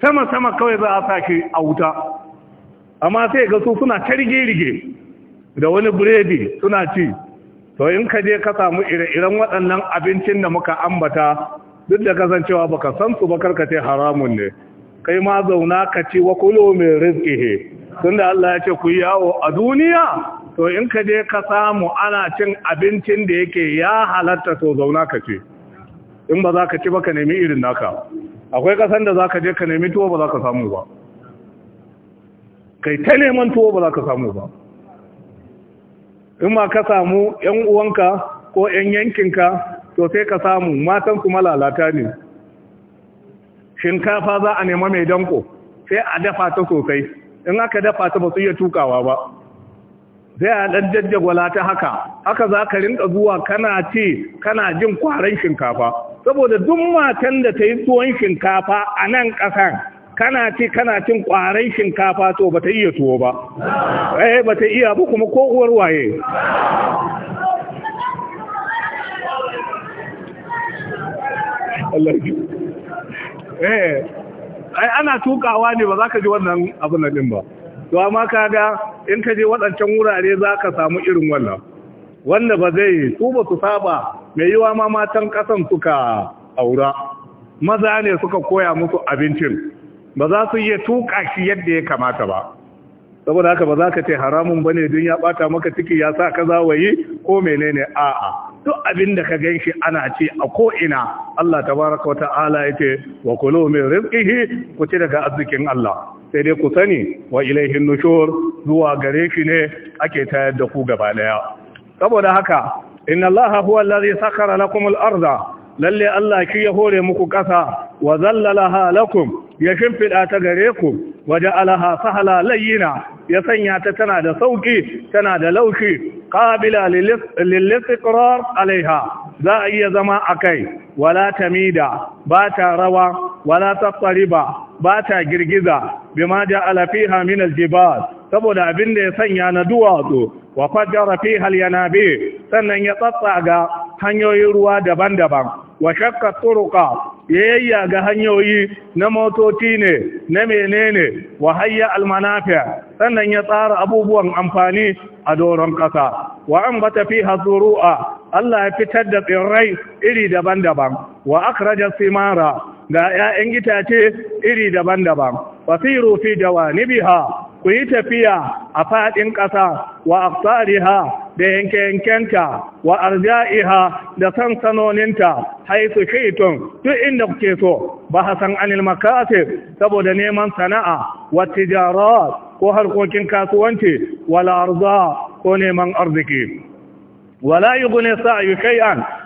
Speaker 1: sama-sama kawai za a sa shi a wuta amma sai ga su suna ta rige da wani biredi suna ci to in ka je ka samu ire-iren waɗannan abincin da muka ambata duk da kasancewa baka san su ba ce haramun ne kai ma zauna ka ci wa kulo he? Tun da Allah ya ce ku yawo a duniya to in ka je ka samu ana cin abincin da yake ya halatta to zauna ka ci in ba za ka ci ba ka nemi irin naka akwai kasan da za ka je ka nemi tuwo ba za ka samu ba kai ta neman tuwo ba za ka samu ba in ma ka samu yan uwanka ko yan yankinka to sai ka samu matan kuma lalata ne shinkafa za a nema mai danko sai a dafa ta sosai in aka dafa ta ba su iya tukawa ba sai a ɗan jajjagwala ta haka haka za ka rinka zuwa kana ce kana jin kwaran shinkafa saboda duk matan da ta yi tuwon shinkafa a nan ƙasan kana ce kana cin kwaran shinkafa to ta iya tuwo ba eh ta iya ba kuma ko uwar waye Allah ya eh ai ana tukawa ne ba za ka ji wannan abu na din ba to amma ga in ka je waɗancan wurare za ka samu irin wannan wanda ba zai su ba su saba mai yiwa ma matan ƙasan suka aura maza ne suka koya musu abincin ba za su iya tuka shi yadda ya kamata ba saboda haka ba za ka ce haramun ba ne don ya bata maka ciki ya sa ka waye ko menene a'a duk abin da ka ganshi ana ce a ko'ina Allah tabaraka wa ta'ala ya ce wa kulu min rizqihi ku ci daga arzikin Allah sai dai ku sani wa ilaihin nushur zuwa gare shi ne ake tayar da ku gaba daya saboda haka inna Allah huwa allazi sakhara arza lalle Allah shi ya hore muku ƙasa wa zallalaha lakum ya shimfiɗa ta gare ku waje alaha sahala layyina ya sanya ta tana da sauki tana da laushi qabila lil-istiqrar alaiha za a iya zama akai wala tamida ba ta rawa wala taqriba ba ta girgiza bima ja'ala fiha min al saboda abin da ya sanya na duwatsu wa fajjara fiha al sannan ya tsatsaga hanyoyin ruwa daban-daban wa shakka turuqa yayya ga hanyoyi na motoci ne na menene wa hayya almanafi'a sannan ya tsara abubuwan amfani a doron kasa wa bata fiha zuru'a Allah ya fitar da tsirrai iri daban-daban wa akhraja simara ga 'ya'yan itace iri daban-daban fasiru fi jawanibiha ku yi tafiya a fadin kasa wa aqtariha da yanke yankenta wa arja'iha da sansanoninta haifu shaitun duk inda kuke so ba hasan anil makasir saboda neman sana'a wa tijarat ko harkokin kasuwanci wala arza ko neman arziki wala a yi kai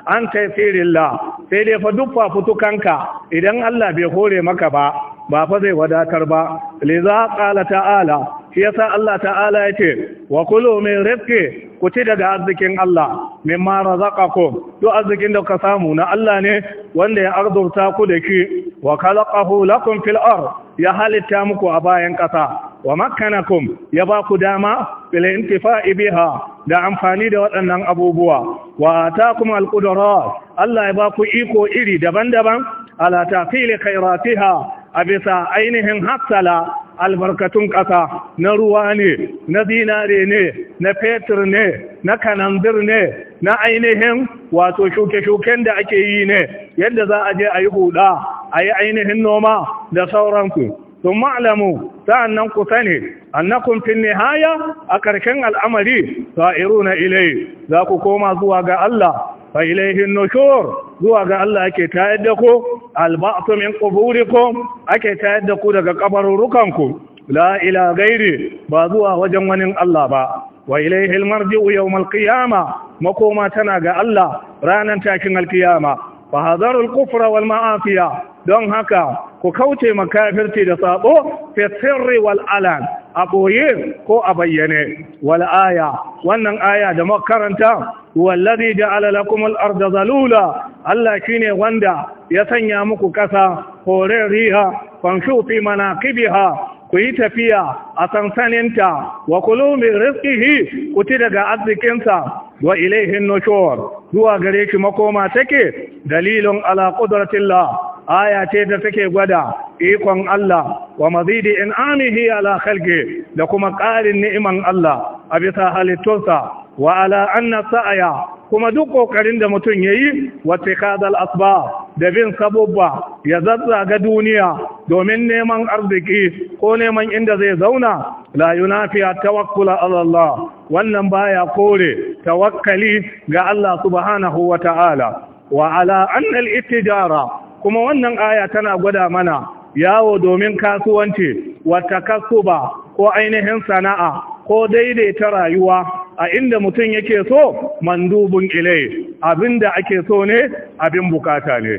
Speaker 1: an taysirillah sai dai fa duk fafutukanka idan Allah bai hore maka ba ba fa zai wadatar ba liza qala ta'ala shi yasa Allah ta'ala yake wa kulu min rizqi ku ci daga arzikin Allah mimma razaqakum duk arzikin da ka samu na Allah ne wanda ya arzurta ku da ki wa khalaqahu lakum fil ard ya halitta muku a bayan ƙasa wa makkanakum ya ba ku dama bil intifa'i biha da amfani da waɗannan abubuwa wa ataakum al qudrat Allah ya ba ku iko iri daban-daban ala tafili khairatiha a bisa ainihin hassala albarkatun ƙasa na ruwa ne na zinare ne na fetur ne na kananzir ne na ainihin wato shuke-shuken da ake yi ne yadda za a je a yi huda a yi ainihin noma da sauransu sun ma'alamu sa'an nan ku sani annakun fin nihaya a ƙarshen al'amari sa'iru na ilai za ku koma zuwa ga Allah fa ilaihin nushur zuwa ga Allah ake tayar da ku alba'tu min quburikum ake tayar da ku daga kabarurukanku la ila gairi ba zuwa wajen wani Allah ba wa ilaihil marji'u yawmal qiyama makoma tana ga Allah ranan takin alkiyama fa hadarul kufra wal ma'afiya don haka ku kauce makafirci da sabo fi sirri wal alan a ɓoye ko a bayyane wal aya wannan aya da makaranta wallazi ja'ala lakum al zalula Allah shine wanda ya sanya muku kasa hore riha fanshu fi manaqibiha ku yi tafiya a sansaninta wa kulu min rizqihi ku ci daga arzikinsa wa ilaihin nushur zuwa gare shi makoma take dalilun ala qudratillah aya ce da take gwada ikon Allah wa mazidi in amihi ala khalqi da kuma ƙarin ni'iman Allah a bisa halittunsa wa ala anna sa'aya kuma duk kokarin da mutum yayi wata kadal asba da bin sabubba ya zazzaga duniya domin neman arziki ko neman inda zai zauna la yunafiya tawakkula Allah wannan baya kore tawakkali ga Allah subhanahu wata'ala wa ala anna al-ittijara kuma wannan aya tana gwada mana yawo domin kasuwanci wata kasuba ko ainihin sana'a ko daidaita rayuwa a inda mutum yake so mandubun ilai abinda ake so ne abin bukata ne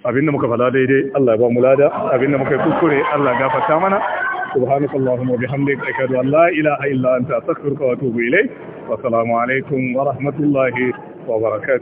Speaker 1: Abin da muka fada daidai Allah ya ba mu lada da muka yi kuskure Allah gafarta mana سبحانك اللهم وبحمدك أشهد illa لا إله إلا أنت أستغفرك وأتوب إليك والسلام wa rahmatullahi wa وبركاته